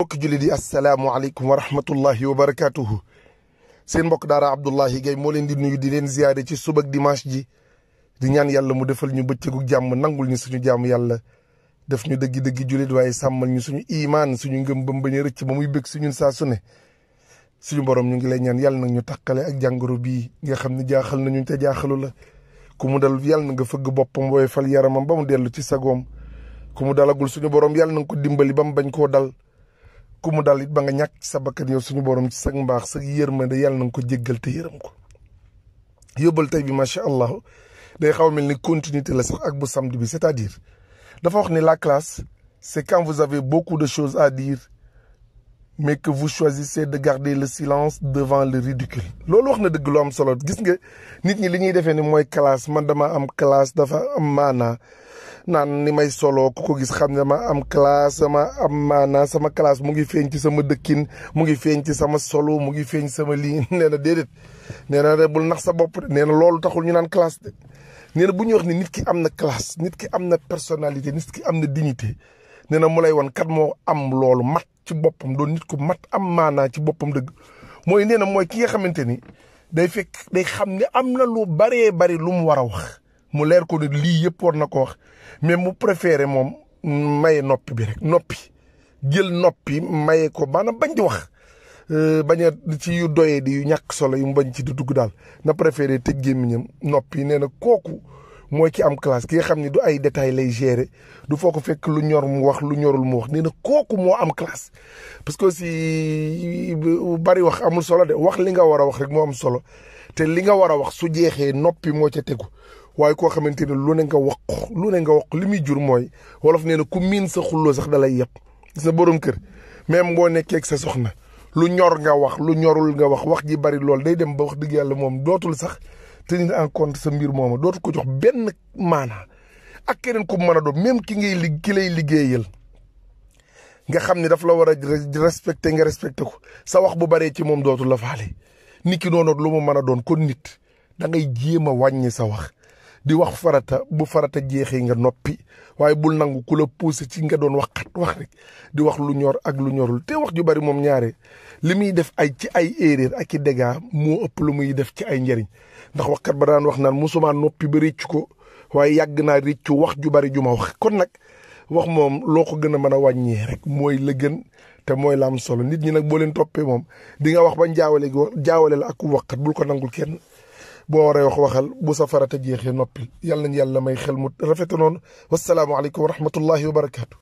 mbokk jullit yi asalaamualeykum wa rahmatullahi wa barakaatuhu seen mbokk daara Abdoulahi Gaye moo leen di nuyu di leen ziyaare ci subak dimanche ji di ñaan yàlla mu defal ñu bëccëgu jàmm nangul ñu suñu jàmm yàlla def ñu dëgg-dëgg jullit waaye sàmmal ñu suñu imaan suñu ngëm bam bañ a rëcc ba muy bëgg suñun saa su ne suñu borom ñu ngi lay ñaan yàlla nag ñu taqale ak jàngoro bii nga xam ni jaaxal nañu te jaaxalu la ku mu dal yàlla na nga fëgg boppam woyofal yaramam ba mu dellu ci sagoom ku mu dalagul suñu borom yàlla na nga ko dimbali ba mu bañ koo dal ku mu dal ba nga ñàkk sa bakkan yow suñu borom ci sag mbaax sag yërmande yàlla na nga ko jéggal te yërëm ko yóbbal tey bi macha allah day xaw mel ni continuité la sax ak bu samd bi c'est-à-dire dafa wax ni la classe c'est quand vous avez beaucoup de choses à dire mais que vous choisissez de garder le silence devant le ridicule loolu wax na dëgg loo am solo gis nga nit ñi li ñuy defee ni mooy classe man dama am classe dafa am maanaa naan ni may solo ku ko gis xam ne ma am classe sama am maanaa sama classe mu ngi feeñ ci sama dëkkin mu ngi feeñ ci sama solo mu ngi feeñ sama lii nee na déedéet nee na bul nax sa bopp nee na loolu taxul ñu naan classe de nee bu ñuy wax ne nit ki am na classe nit ki am na personnalité nit ki am na dignité nee na mu lay wan kat moo am loolu mat ci boppam doon nit ku mat am maanaa ci boppam dëgg mooy nee na mooy ki nga xamante ni day fekk day xam ni am na lu baree bari lu mu war a wax mu leer ko ne lii yëpp war na ko wax mais mu préféré moom maye noppi bi rek noppi jël noppi maye ko maanaam bañ di wax euh, bañ a ci yu doyee di yu solo yu mu bañ ci di dugg daal na préféré tëj gémmiñam noppi nee na kooku mooy ki am classe ki nga xam ne du ay détails lay gérer du foo ko fekk lu ñor mu wax lu ñorul mu wax nee na kooku moo am classe. parce que aussi bari wax amul solo de wax li nga war a wax rek moo am solo te li nga war a wax su jeexee noppi moo ca tegu waaye koo xamante ne lu ne nga wax lu ne nga wax li muy jur mooy wolof nee na ku miin sa xulloo sax dalay yëpp gis na borom kër même boo nekkee sa soxna lu ñor nga wax lu ñorul nga wax wax ji bari lool day dem ba wax dëgg yàlla moom dootul sax tenir en compte sa mbir mooma dootul ko jox benn maanaa ak keneen ku mën a doon même ki ngay li ki liggéeyal nga xam ne daf la war a respecté nga respecté ko sa wax bu baree ci moom dootul la faale nit ki noonu lu mu mën a doon kon nit da ngay jéem a wàññi sa wax di wax farata bu farata jeexee nga noppi waaye bul nangu ku la poussé ci nga doon wax xat wax rek di wax lu ñor ak lu ñorul te wax ju bari moom ñaare li muy def ay ci ay erreur ak i dégâts moo ëpp lu muy def ci ay njariñ ndax wax waxkat ba daan wax naan musuma noppi ba réccu ko waaye yàgg naa réccu wax ju bari ju ma wax kon nag wax moom loo ko gën a mën a wàññee rek mooy la gën te mooy la am solo nit ñi nag boo leen toppee moom di nga wax ba jaawale jaawale la ak waxkat bul ko nangul kenn boo waree wax waxal bu sa farata jeexee noppil yàlla nañ yàlla may xel mu rafet noonu wasalaamualeykum wa rahmatullahi wa barakaatu.